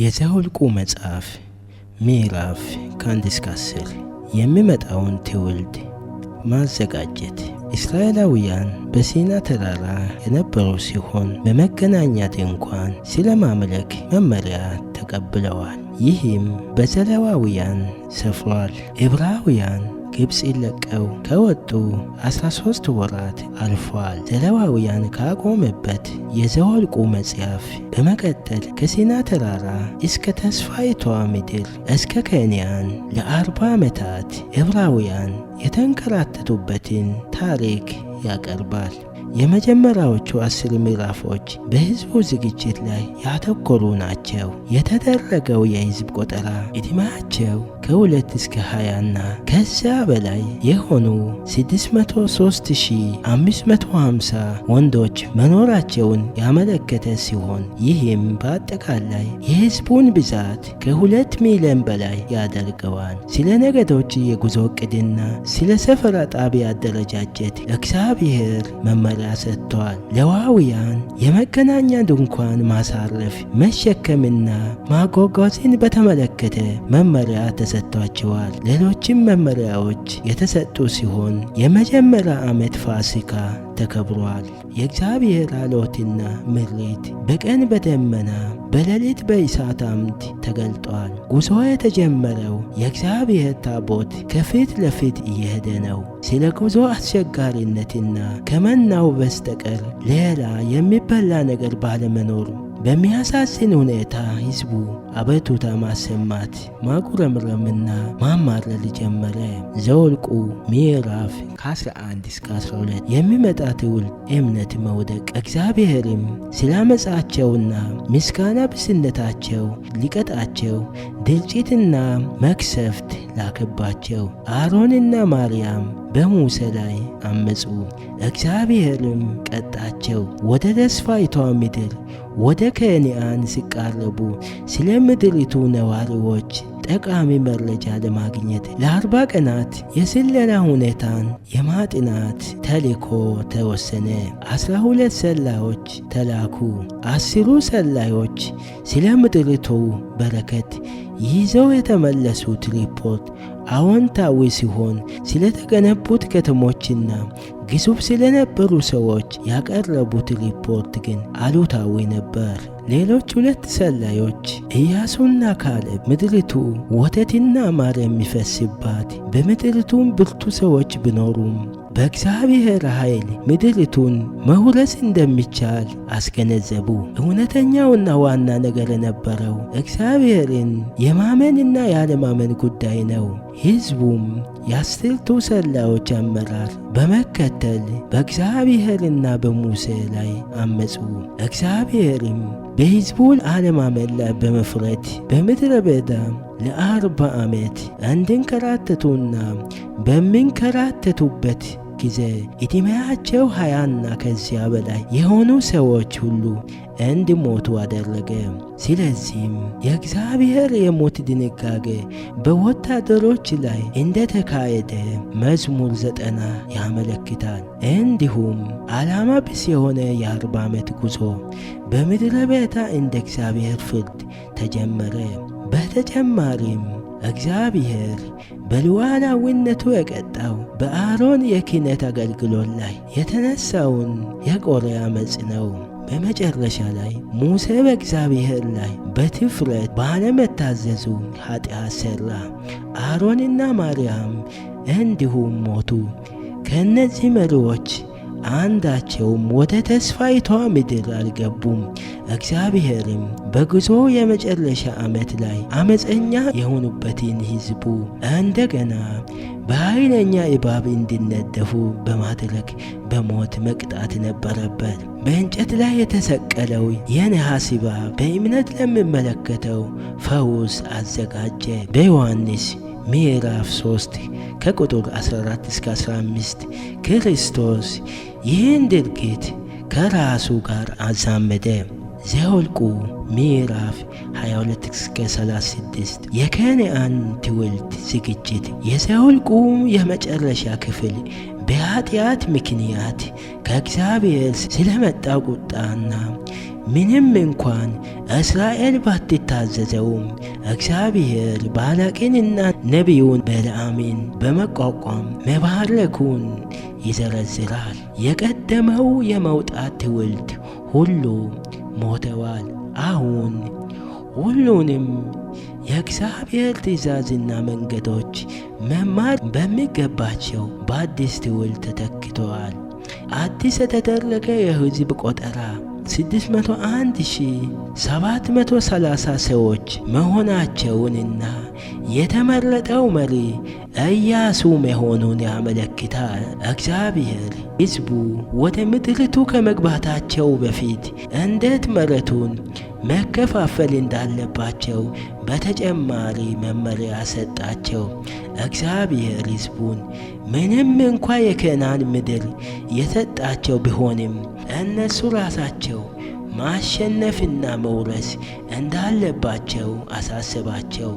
የዘኍልቍ መጽሐፍ ምዕራፍ ከአንድ እስከ አስር የሚመጣውን ትውልድ ማዘጋጀት። እስራኤላውያን በሲና ተራራ የነበሩ ሲሆን በመገናኛ ድንኳን ስለ ማምለክ መመሪያ ተቀብለዋል። ይህም በዘሌዋውያን ሰፍሯል። ዕብራውያን ግብፅ ይለቀው ከወጡ 13 ወራት አልፏል። ዘለዋውያን ካቆመበት የዘወልቁ መጽሐፍ በመቀጠል ከሲና ተራራ እስከ ተስፋይቷ ምድር እስከ ከንያን ለአርባ ዓመታት ዕብራውያን የተንከራተቱበትን ታሪክ ያቀርባል። የመጀመሪያዎቹ አስር ምዕራፎች በሕዝቡ ዝግጅት ላይ ያተኮሩ ናቸው። የተደረገው የሕዝብ ቆጠራ ዕድሜያቸው ከሁለት እስከ 20 እና ከዚያ በላይ የሆኑ 63550 ወንዶች መኖራቸውን ያመለከተ ሲሆን ይህም በአጠቃላይ የህዝቡን ብዛት ከሁለት ሚሊዮን በላይ ያደርገዋል። ስለ ነገዶች የጉዞ እቅድና ስለ ሰፈራ ጣቢያ አደረጃጀት እግዚአብሔር መመሪያ ሰጥቷል። ለዋውያን የመገናኛ ድንኳን ማሳረፍ መሸከምና ማጓጓዝን በተመለ የተመለከተ መመሪያ ተሰጥቷቸዋል። ሌሎችም መመሪያዎች የተሰጡ ሲሆን የመጀመሪያ ዓመት ፋሲካ ተከብሯል። የእግዚአብሔር አሎትና ምሪት በቀን በደመና በሌሊት በእሳት አምድ ተገልጧል። ጉዞ የተጀመረው የእግዚአብሔር ታቦት ከፊት ለፊት እየሄደ ነው። ስለ ጉዞ አስቸጋሪነትና ከመናው በስተቀር ሌላ የሚበላ ነገር ባለመኖሩ በሚያሳዝን ሁኔታ ህዝቡ አቤቱታ ማሰማት ማጉረምረምና ማማረል ጀመረ። ዘውልቁ ምዕራፍ ከ11 እስከ 12 የሚመጣ ትውልድ እምነት መውደቅ። እግዚአብሔርም ስለ አመፃቸውና ምስጋና ብስነታቸው ሊቀጣቸው ድርጭትና መክሰፍት ላከባቸው። አሮንና ማርያም በሙሴ ላይ አመፁ፣ እግዚአብሔርም ቀጣቸው። ወደ ተስፋይቷ ምድር ወደ ከነአን ሲቃረቡ ስለ ምድሪቱ ነዋሪዎች ጠቃሚ መረጃ ለማግኘት ለአርባ ቀናት የስለላ ሁኔታን የማጥናት ተልእኮ ተወሰነ። አስራ ሁለት ሰላዮች ተላኩ። አስሩ ሰላዮች ስለ ምድሪቱ በረከት ይዘው የተመለሱት ሪፖርት አዎንታዊ ሲሆን ስለተገነቡት ከተሞችና ግዙፍ ስለነበሩ ሰዎች ያቀረቡት ሪፖርት ግን አሉታዊ ነበር። ሌሎች ሁለት ሰላዮች ኢያሱና ካሌብ ምድሪቱ ወተትና ማር የሚፈስባት በምድሪቱም ብርቱ ሰዎች ቢኖሩም በእግዚአብሔር ኃይል ምድሪቱን መውረስ እንደሚቻል አስገነዘቡ። እውነተኛውና ዋና ነገር የነበረው እግዚአብሔርን የማመንና ያለማመን ጉዳይ ነው። ሕዝቡም የአስርቱ ሰላዮች አመራር በመከተል በእግዚአብሔርና በሙሴ ላይ አመፁ። እግዚአብሔርም በሕዝቡን አለማመን ላይ በመፍረት በምድረ በዳ ለአርባ ዓመት እንድንከራተቱና በምንከራተቱበት ጊዜ ዕድሜያቸው ሀያና ከዚያ በላይ የሆኑ ሰዎች ሁሉ እንዲሞቱ አደረገ። ስለዚህም የእግዚአብሔር የሞት ድንጋጌ በወታደሮች ላይ እንደተካሄደ መዝሙር ዘጠና ያመለክታል። እንዲሁም ዓላማ ቢስ የሆነ የአርባ ዓመት ጉዞ በምድረ በዳ እንደ እግዚአብሔር ፍርድ ተጀመረ። በተጨማሪም እግዚአብሔር በሉዓላዊነቱ የቀጣው በአሮን የክህነት አገልግሎት ላይ የተነሳውን የቆሬ ዓመፅ ነው። በመጨረሻ ላይ ሙሴ በእግዚአብሔር ላይ በትፍረት ባለመታዘዙ ኃጢአት ሠራ። አሮንና ማርያም እንዲሁም ሞቱ። ከእነዚህ መሪዎች አንዳቸውም ወደ ተስፋይቷ ምድር አልገቡም። እግዚአብሔርም በጉዞ የመጨረሻ ዓመት ላይ አመፀኛ የሆኑበትን ሕዝቡ እንደገና በኃይለኛ እባብ እንዲነደፉ በማድረግ በሞት መቅጣት ነበረበት። በእንጨት ላይ የተሰቀለው የነሐስ እባብ በእምነት ለሚመለከተው ፈውስ አዘጋጀ። በዮሐንስ ምዕራፍ 3 ከቁጥር 14 እስከ 15 ክርስቶስ ይህን ድርጊት ከራሱ ጋር አዛመደ። ዘኍልቍ ምዕራፍ 22 እስከ 36 የከነአን ትውልድ ዝግጅት። የዘኍልቍ የመጨረሻ ክፍል በኃጢአት ምክንያት ከእግዚአብሔር ስለመጣ ቁጣና ምንም እንኳን እስራኤል ባትታዘዘውም እግዚአብሔር ባላቅንና ነቢዩን በለዓምን በመቋቋም መባረኩን ይዘረዝራል። የቀደመው የመውጣት ትውልድ ሁሉ ሞተዋል። አሁን ሁሉንም የእግዚአብሔር ትእዛዝና መንገዶች መማር በሚገባቸው በአዲስ ትውልድ ተተክተዋል። አዲስ የተደረገ የሕዝብ ቆጠራ 601,730 ሰዎች መሆናቸውንና የተመረጠው መሪ ኢያሱ መሆኑን ያመለክታል። እግዚአብሔር ሕዝቡ ወደ ምድርቱ ከመግባታቸው በፊት እንዴት መሬቱን መከፋፈል እንዳለባቸው በተጨማሪ መመሪያ ሰጣቸው። እግዚአብሔር ሕዝቡን ምንም እንኳ የከናን ምድር የተጣቸው ቢሆንም እነሱ ራሳቸው ማሸነፍና መውረስ እንዳለባቸው አሳስባቸው።